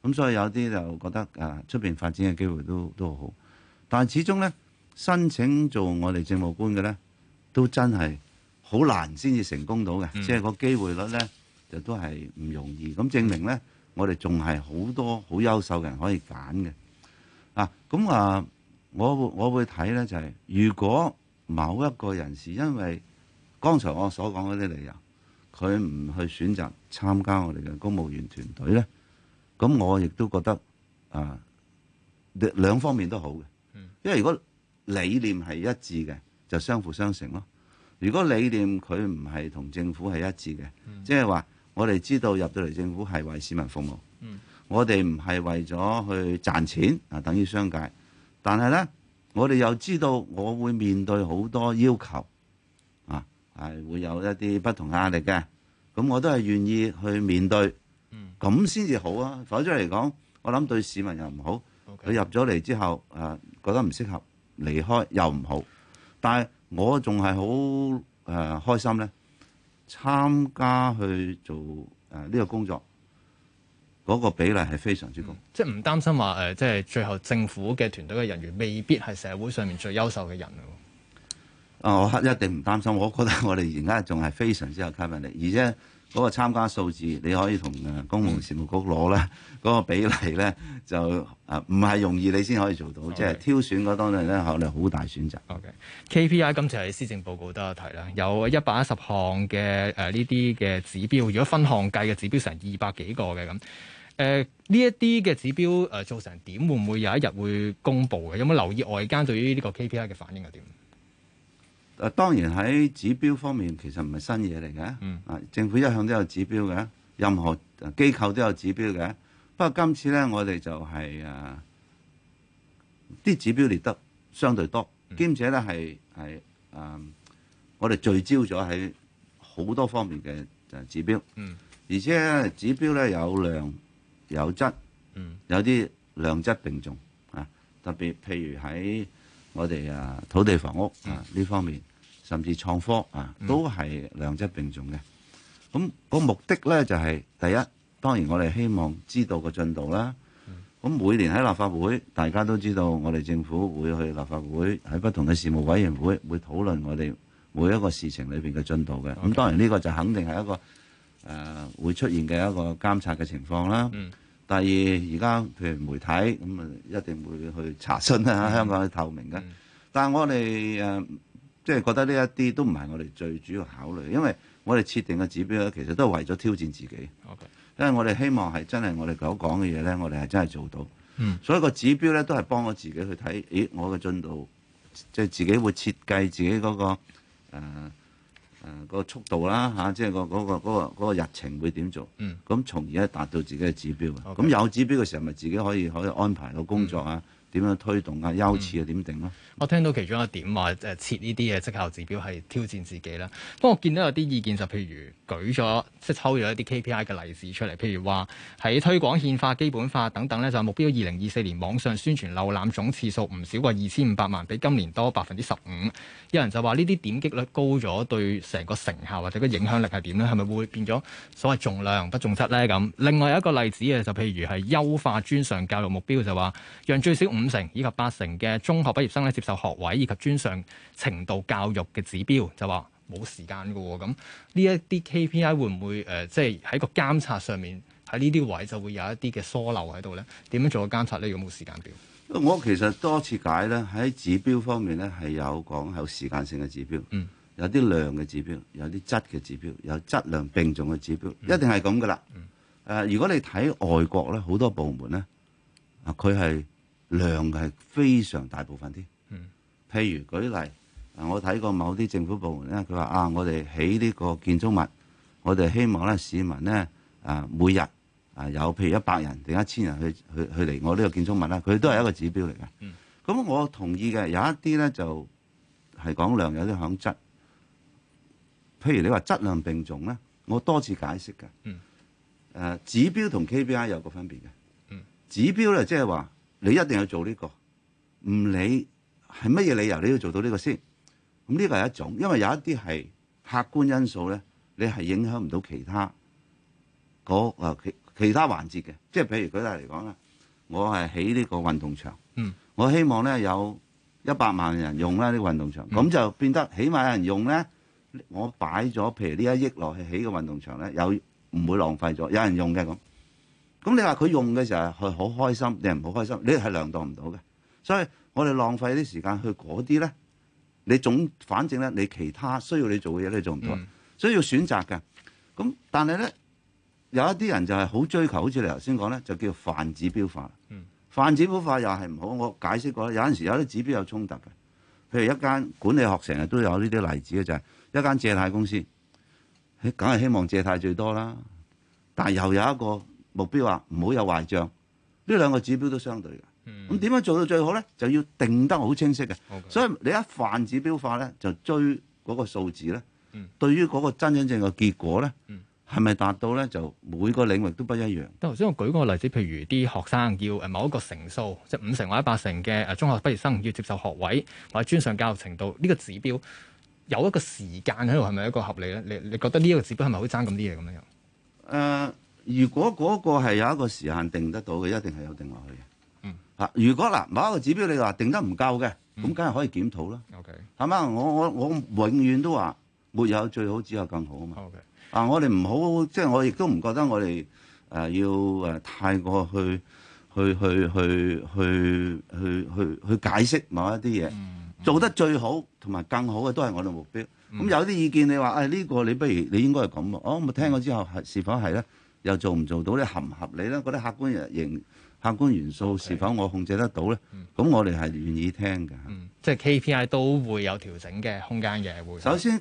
咁所以有啲就覺得啊，出邊發展嘅機會都都好。但係始終咧，申請做我哋政務官嘅咧，都真係好難先至成功到嘅，嗯、即係個機會率咧，就都係唔容易。咁證明咧，我哋仲係好多好優秀嘅人可以揀嘅。啊，咁啊。我，我會我會睇咧，就係、是、如果某一個人士因為剛才我所講嗰啲理由，佢唔去選擇參加我哋嘅公務員團隊咧，咁我亦都覺得啊、呃，兩方面都好嘅，因為如果理念係一致嘅，就相輔相成咯。如果理念佢唔係同政府係一致嘅，即係話我哋知道入到嚟政府係為市民服務，嗯、我哋唔係為咗去賺錢啊，等於商界。但係咧，我哋又知道，我會面對好多要求，啊，係會有一啲不同壓力嘅。咁我都係願意去面對，咁先至好啊！否則嚟講，我諗對市民又唔好。佢入咗嚟之後，啊、呃，覺得唔適合離開又唔好。但係我仲係好誒開心咧，參加去做誒呢、呃呢個工作。嗰個比例係非常之高，嗯，
即係唔擔心話誒，即、呃、係最後政府嘅團隊嘅人員未必係社會上面最優秀嘅人啊，
我黑一定唔擔心，我覺得我哋而家仲係非常之有吸引力，而且。嗰個參加數字你可以同公務事務局攞咧，嗰、嗰個比例咧就唔係容易你先可以做到，Okay. 即係挑選嗰當陣咧，考慮好大選擇。O、okay.
K，K P I 今次係施政報告都有提啦，有一百一十項嘅呢啲嘅指標，如果分項計嘅指標成二百幾個嘅咁，呢一啲嘅指標做成點會唔會有一日會公布嘅？有冇留意外間對於呢個 K P I 嘅反應係點？誒當然喺
指標方面，其實唔係新嘢嚟嘅，嗯、啊政府一向都有指標嘅，任何機構都有指標嘅。不過今次咧，我哋就係誒啲指標列得相對多，兼、嗯、且咧係係誒我哋聚焦咗喺好多方面嘅誒指標，
嗯，
而且指標咧有量有質，嗯，有啲量質並重啊，特別譬如喺我哋啊土地房屋啊呢方面。嗯甚至創科啊，都係量質並重嘅。咁、那個目的呢，就係、是、第一，當然我哋希望知道個進度啦。咁每年喺立法會，大家都知道我哋政府會去立法會喺不同嘅事務委員會會討論我哋每一個事情裏邊嘅進度嘅。咁當然呢個就肯定係一個誒、呃、會出現嘅一個監察嘅情況啦。嗯、第二而家譬如媒體咁啊，一定會去查詢啦、啊，香港係透明嘅。嗯、但係我哋誒。呃即係覺得呢一啲都唔係我哋最主要考慮，因為我哋設定嘅指標咧，其實都係為咗挑戰自己。Okay. 因為我哋希望係真係我哋所講嘅嘢咧，我哋係真係做到。嗯，所以個指標咧都係幫我自己去睇，咦，我嘅進度，即係自己會設計自己嗰個誒誒個速度啦嚇，即係個嗰個嗰個嗰個日程會點做。嗯，咁從而咧達到自己嘅指標。咁 Okay. 有指標嘅時候，咪自己可以可以安排個工作啊。嗯點樣推動啊，優次又點定咧？
我聽到其中一點話，誒、即係、設呢啲嘅績效指標係挑戰自己啦。不過我見到有啲意見就譬如舉咗，即、就、係、係、抽咗一啲 KPI 嘅例子出嚟，譬如話喺推廣憲法基本法等等呢，就、目標二零二四年網上宣傳瀏覽總次數唔少過二千五百萬，比今年多百分之十五。有人就話呢啲點擊率高咗，對成個成效或者個影響力係點呢？係咪會變咗所謂重量不重質呢？咁另外有一個例子嘅就譬如係優化專上教育目標，就話讓最少五成以及八成嘅中學畢業生咧，接受學位以及專上程度教育嘅指標就說沒有的會會、呃，就話冇時間噶喎。咁呢一啲 KPI 會唔會誒，即係喺個監察上面，喺呢啲位就會有一啲嘅疏漏喺度咧？點樣做個監察咧？有冇時間表？
我其實多次解咧，喺指標方面咧，係有講有時間性嘅指標，嗯，有啲量嘅指標，有啲質嘅指標，有質量並重嘅指標，一定係咁噶啦。誒、呃，如果你睇外國咧，好多部門咧，啊，佢係。量係非常大部分啲，嗯，譬如舉例，啊，我睇過某啲政府部門咧，佢話啊，我哋起呢個建築物，我哋希望咧，市民咧啊，每日啊有譬如一百人定一千人去去去嚟我呢個建築物啦，佢都係一個指標嚟嘅，嗯，咁我同意嘅，有一啲咧就係、是、講量有啲響質，譬如你話質量並重咧，我多次解釋㗎，嗯、呃，誒指標同 KPI 有個分別嘅，嗯，指標咧即係話，就是說你一定要做呢個，唔理係乜嘢理由，你要做到呢個先。咁呢個係一種，因為有一啲係客觀因素咧，你係影響唔到其他嗰、誒、其其他環節嘅。即係譬如舉例嚟講啦，我係起呢個運動場，嗯、我希望咧有一百萬人用啦呢個運動場。咁、嗯、就變得起碼有人用咧，我擺咗譬如呢一億落去起個運動場咧，有唔會浪費咗，有人用嘅咁。咁你話佢用嘅時候係好開心，定係唔好開心，你係量度唔到嘅，所以我哋浪費啲時間去嗰啲咧，你總反正咧，你其他需要你做嘅嘢咧做唔到，所以要選擇嘅。咁但係咧有一啲人就係好追求，好似你頭先講咧，就叫做泛指標化。嗯、泛指標化又係唔好，我解釋過啦有陣時有啲指標有衝突嘅，譬如一間管理學成日都有呢啲例子嘅，就係、是、一間借貸公司，梗係希望借貸最多啦，但係又有一個。目標啊，唔好有壞賬，呢兩個指標都相對嘅。咁點樣做到最好咧？就要定得好清晰嘅。Okay. 所以你一泛指標化咧，就追嗰個數字咧。嗯、對於嗰個真真正嘅結果咧，係咪、嗯、達到咧？就每個領域都
不一樣。但頭先我舉個例子，譬如啲學生要誒某一個成數，即、就、係、是、五成或者八成嘅誒中學畢業生要接受學位或者專上教育程度呢、這個指標，有一個時間喺度，係咪一個合理咧？你你覺得呢個指標係咪好爭咁啲嘢咁樣？
誒、呃。如果嗰個係有一個時間定得到嘅，一定係有定落去嘅。嗯，嚇、啊！如果嗱某一個指標你話定得唔夠嘅，咁梗係可以檢討啦。OK，係嘛？我我我永遠都話沒有最好，只有更好啊嘛。OK，啊，我哋唔好即係我亦都唔覺得我哋誒、呃、要誒、呃、太過去去去去去去去去解釋某一啲嘢。嗯嗯、做得最好同埋更好嘅都係我哋目標。咁、嗯、有啲意見你話誒呢個你不如你應該係咁啊？我、哦、咪聽過之後係是，是否係咧？又做唔做到咧？合唔合理咧？嗰啲客觀嘅客觀元素是否我控制得到咧？咁 Okay. 我哋係願意聽嘅、嗯。
即係 KPI 都會有調整嘅空間嘅，會。首先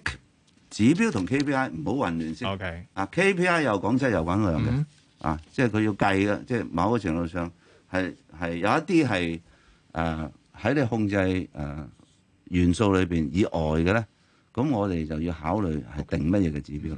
指標同 KPI 唔好混亂先。O Okay.、uh, K。KPI 又講即又講量嘅。嗯、啊，即係佢要計嘅，即係某個程度上係係有一啲係誒喺你控制誒、呃、元素裏邊以外嘅咧。咁我哋就要考慮係定乜嘢嘅指標啦。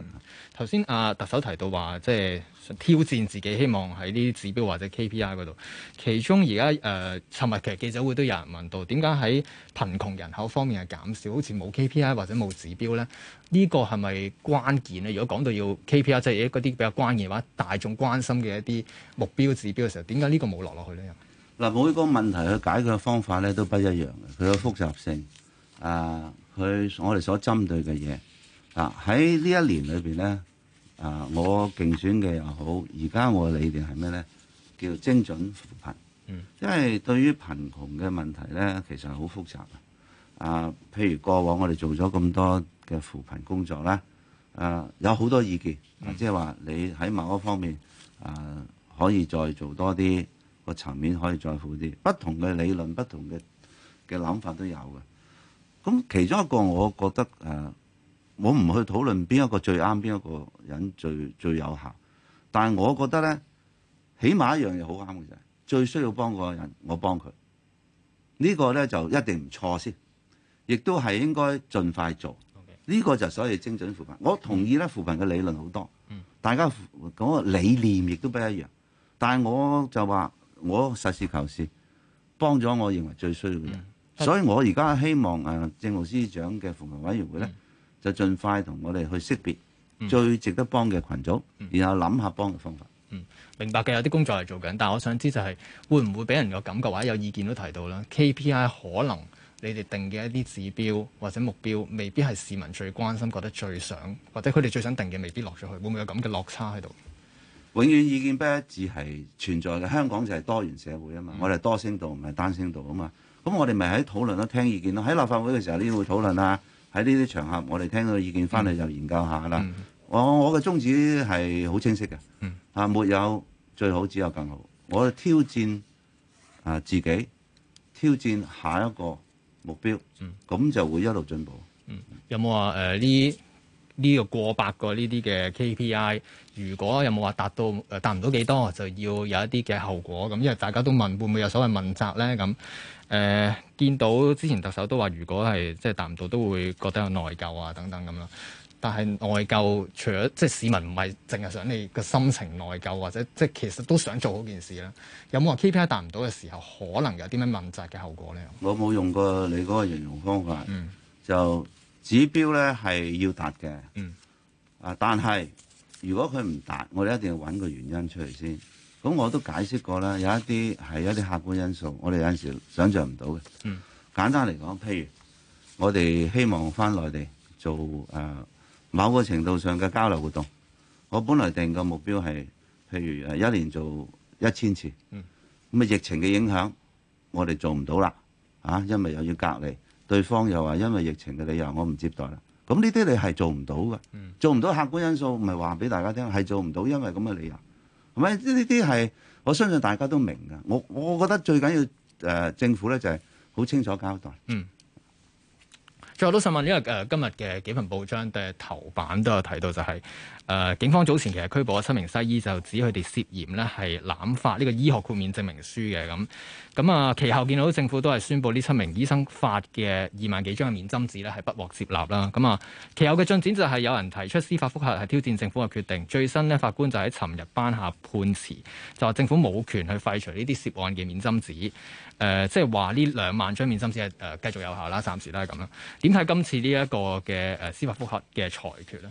頭先阿特首提到話，即係挑戰自己，希望喺呢啲指標或者 KPI 嗰度。其中而家誒，尋日其實記者會都有人問到，點解喺貧窮人口方面係減少，好似冇 KPI 或者冇指標咧？呢個係咪關鍵咧？如果講到要 KPI 即係一嗰啲比較關鍵嘅話，大眾關心嘅一啲目標指標嘅時候，點解呢個冇落落去咧？
嗱，每個問題佢解決嘅方法咧都不一樣嘅，佢有複雜性啊。佢我哋所針對嘅嘢，嗱喺呢一年裏邊咧，啊我競選嘅又好，而家我嘅理念係咩咧？叫精準扶貧，嗯，因為對於貧窮嘅問題咧，其實係好複雜啊。譬如過往我哋做咗咁多嘅扶貧工作啦，啊有好多意見，即係話你喺某一方面啊可以再做多啲，個層面可以再富啲，不同嘅理論、不同嘅嘅諗法都有嘅。咁其中一個，我覺得誒、呃，我唔去討論邊一個最啱，邊一個人最最有效。但係我覺得咧，起碼一樣嘢好啱嘅就係，最需要幫嗰個人，我幫佢。這個、呢個咧就一定唔錯先，亦都係應該盡快做。呢 Okay. 個就所謂精準扶貧。我同意咧，扶貧嘅理論好多，大家嗰個理念亦都不一樣。但係我就話，我實事求是，幫咗我認為最需要嘅人。Okay. 所以我而家希望誒、啊、政務司長嘅扶貧委員會咧，嗯、就盡快同我哋去識別最值得幫嘅群組，嗯、然後諗下幫嘅方法。嗯，
明白嘅，有啲工作係做緊，但係我想知就係會唔會俾人嘅感覺或者有意見都提到啦？KPI 可能你哋定嘅一啲指標或者目標，未必係市民最關心、覺得最想，或者佢哋最想定嘅，未必落咗去，會唔會有咁嘅落差喺度？
永遠意見不一致係存在嘅，香港就係多元社會啊嘛，嗯、我哋多聲道唔係單聲道啊嘛。咁我哋咪喺討論咯，聽意見咯。喺立法會嘅時候呢，會討論啦。喺呢啲場合，我哋聽到的意見翻嚟就研究一下啦、嗯。我我嘅宗旨係好清晰嘅，啊、嗯，沒有最好，只有更好。我哋挑戰啊自己，挑戰下一個目標，咁、嗯、就會一路進步。嗯，
有冇話誒呢呢個過百個呢啲嘅 KPI，如果有冇話達到誒達唔到幾多，就要有一啲嘅後果。咁因為大家都問，會唔會有所謂問責咧？咁誒、呃、見到之前特首都話，如果係即係達唔到，都會覺得有內疚啊等等咁啦。但係內疚除了，除咗即係市民唔係淨係想你嘅心情內疚，或者即係其實都想做好件事啦。有冇話 KPI 達唔到嘅時候，可能有啲咩問責嘅後果咧？
我冇用過你嗰個形容方法，就指標咧係要達嘅，啊、嗯，但係如果佢唔達，我哋一定要搵個原因出嚟先。咁我都解釋過啦，有一啲係一啲客觀因素，我哋有陣時想象唔到嘅。簡單嚟講，譬如我哋希望返內地做誒、呃、某個程度上嘅交流活動，我本來定個目標係譬如一年做一千次，
咁
啊疫情嘅影響我，我哋做唔到啦啊！因為又要隔離，對方又話因為疫情嘅理由，我唔接待啦。咁呢啲你係做唔到嘅，做唔到客觀因素，咪話俾大家聽係做唔到，因為咁嘅理由。唔係呢啲係，我相信大家都明㗎。我我覺得最緊要、呃、政府咧就係
好清楚交代。嗯。最後都想問，因為誒今日嘅幾份報章嘅頭版都有提到，就是，就係誒警方早前其實拘捕咗七名西醫，就指佢哋涉嫌呢係濫發呢個醫學豁免證明書嘅咁。咁啊，其後見到政府都係宣布呢七名醫生發嘅二萬幾張嘅免針紙呢係不獲接納啦。咁啊，其後嘅進展就係有人提出司法覆核，係挑戰政府嘅決定。最新呢，法官就喺尋日頒下判詞，就話政府冇權去廢除呢啲涉案嘅免針紙。誒、呃，即係話呢兩萬張免針紙先係誒繼續有效啦，暫時都係咁啦。點睇今次呢一個嘅誒司法覆核嘅裁決咧？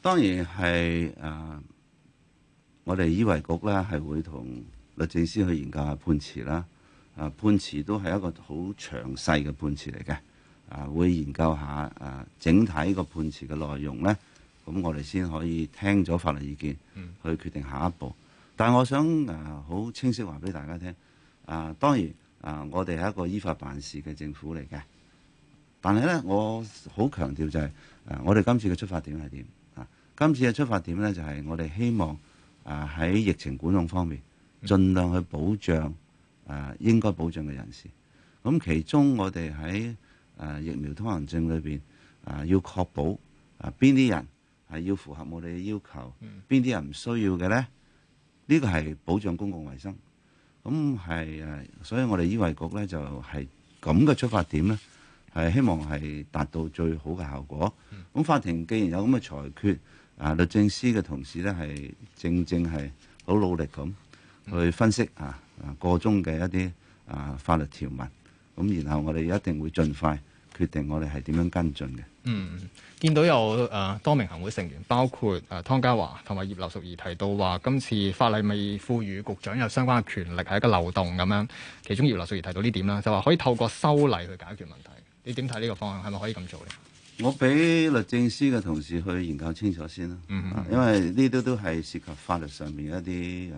當然係誒、呃，我哋醫衞局咧係會同律政司去研究一下判詞啦。誒、呃、判詞都係一個好詳細嘅判詞嚟嘅。誒、呃、會研究一下誒、呃、整體個判詞嘅內容咧。咁我哋先可以聽咗法律意見，嗯、去決定下一步。但係我想誒好、呃、清晰話俾大家聽。啊，當然啊，我哋係一個依法辦事嘅政府嚟嘅。但係咧，我好強調就係、是，啊，我哋今次嘅出發點係點啊？今次嘅出發點咧，就係、是、我哋希望啊喺疫情管控方面，盡量去保障啊應該保障嘅人士。咁其中我哋喺啊疫苗通行證裏邊啊，要確保啊邊啲人係要符合我哋嘅要求，邊啲、嗯、人唔需要嘅咧？呢、這個係保障公共衞生。咁係誒，所以我哋醫衞局咧就係咁嘅出發點咧，係希望係達到最好嘅效果。咁法庭既然有咁嘅裁決，啊律政司嘅同事咧係正正係好努力咁去分析啊個中嘅一啲啊法律條文，咁然後我哋一定會盡快。決定我哋係點樣跟進嘅？嗯，
見到有誒、啊、多名行會成員，包括誒、啊、湯家驊同埋葉劉淑儀提到話，今次法例未賦予局，局長有相關嘅權力，係一個漏洞咁樣。其中葉劉淑儀提到呢點啦，就話可以透過修例去解決問題。你點睇呢個方向係咪可以咁做呢？
我俾律政司嘅同事去研究清楚先啦、啊，因為呢啲都係涉及法律上面一啲誒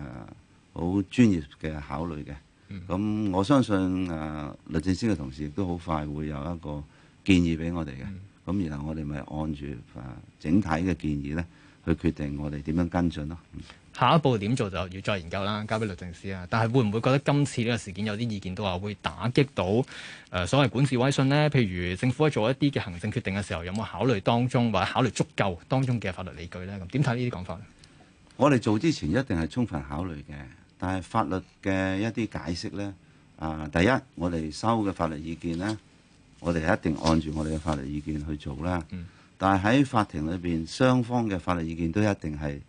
好專業嘅考慮嘅。咁、嗯、我相信啊律政司嘅同事亦都好快會有一個建議俾我哋嘅，咁、嗯、然後我哋咪按住啊整體嘅建議咧去決定我哋點樣跟進咯。嗯、
下一步點做就要再研究啦，交俾律政司啊。但係會唔會覺得今次呢個事件有啲意見都話會打擊到誒、呃、所謂管治威信呢？譬如政府喺做一啲嘅行政決定嘅時候，有冇考慮當中或者考慮足夠當中嘅法律理據呢？咁點睇呢啲講法咧？
我哋做之前一定係充分考慮嘅。但係法律嘅一啲解釋呢，啊，第一我哋收嘅法律意見呢，我哋一定按住我哋嘅法律意見去做啦。嗯。但係喺法庭裏面，雙方嘅法律意見都一定係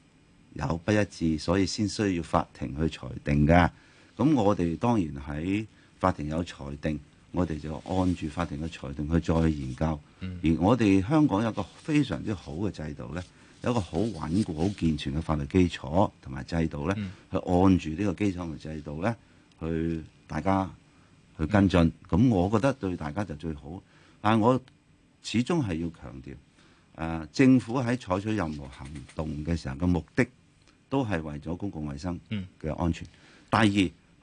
有不一致，所以先需要法庭去裁定嘅。咁我哋當然喺法庭有裁定，我哋就按住法庭嘅裁定去再去研究。嗯。而我哋香港有個非常之好嘅制度呢。有一個好穩固、好健全嘅法律基礎同埋制度咧，嗯、去按住呢個基礎同制度咧，去大家去跟進。咁、嗯、我覺得對大家就最好。但我始終係要強調，啊、政府喺採取任何行動嘅時候嘅目的，都係為咗公共衛生嘅安全。嗯、第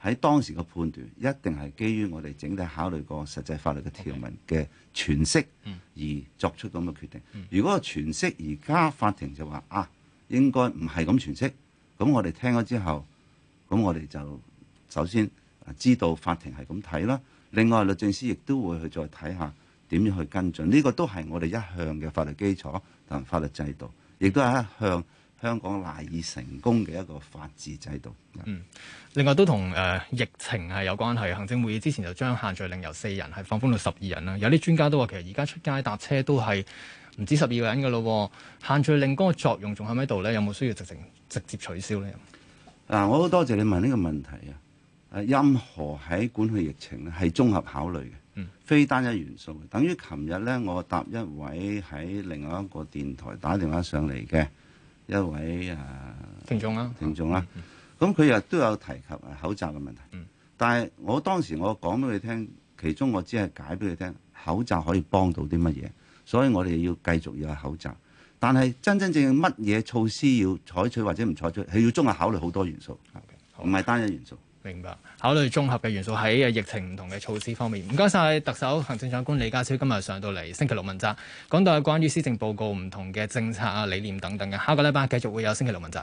二喺當時嘅判斷，一定係基於我哋整體考慮過實際法律嘅條文嘅詮釋。嗯嗯而作出咁嘅決定。如果詮釋而家法庭就話啊，應該唔係咁詮釋，咁我哋聽咗之後，咁我哋就首先知道法庭係咁睇啦。另外律政司亦都會去再睇下點樣去跟進。呢個都係我哋一向嘅法律基礎同法律制度，亦都係一向。香港賴以成功嘅一個法治
制度。嗯，另外都同誒疫情係有關係。行政會議之前就將限聚令由四人係放寬到十二人啦。有啲專家都話，其實而家出街搭車都係唔止十二個人㗎咯。限聚令嗰個作用仲喺咪度咧？有冇需要直情直接取消咧？
嗱、啊，我好多謝你問呢個問題啊！任何喺管佢疫情咧，係綜合考慮嘅，嗯、非單一元素。等於琴日呢，我答一位喺另外一個電台打電話上嚟嘅。一位、呃、聽眾啦、啊，聽眾啦、啊，咁佢又都有提及口罩嘅問題。嗯、但係我當時我講俾你聽，其中我只係解俾你聽口罩可以幫到啲乜嘢，所以我哋要繼續要有口罩。但係真真正正乜嘢措施要採取或者唔採取，佢要綜合考慮好多元素，唔係、嗯、單一元素。嗯嗯。明
白，考慮綜合嘅元素喺疫情唔同嘅措施方面。唔該晒特首、行政長官李家超今日上到嚟星期六問責，講到關於施政報告唔同嘅政策啊、理念等等嘅。下個禮拜繼續會有星期六問責。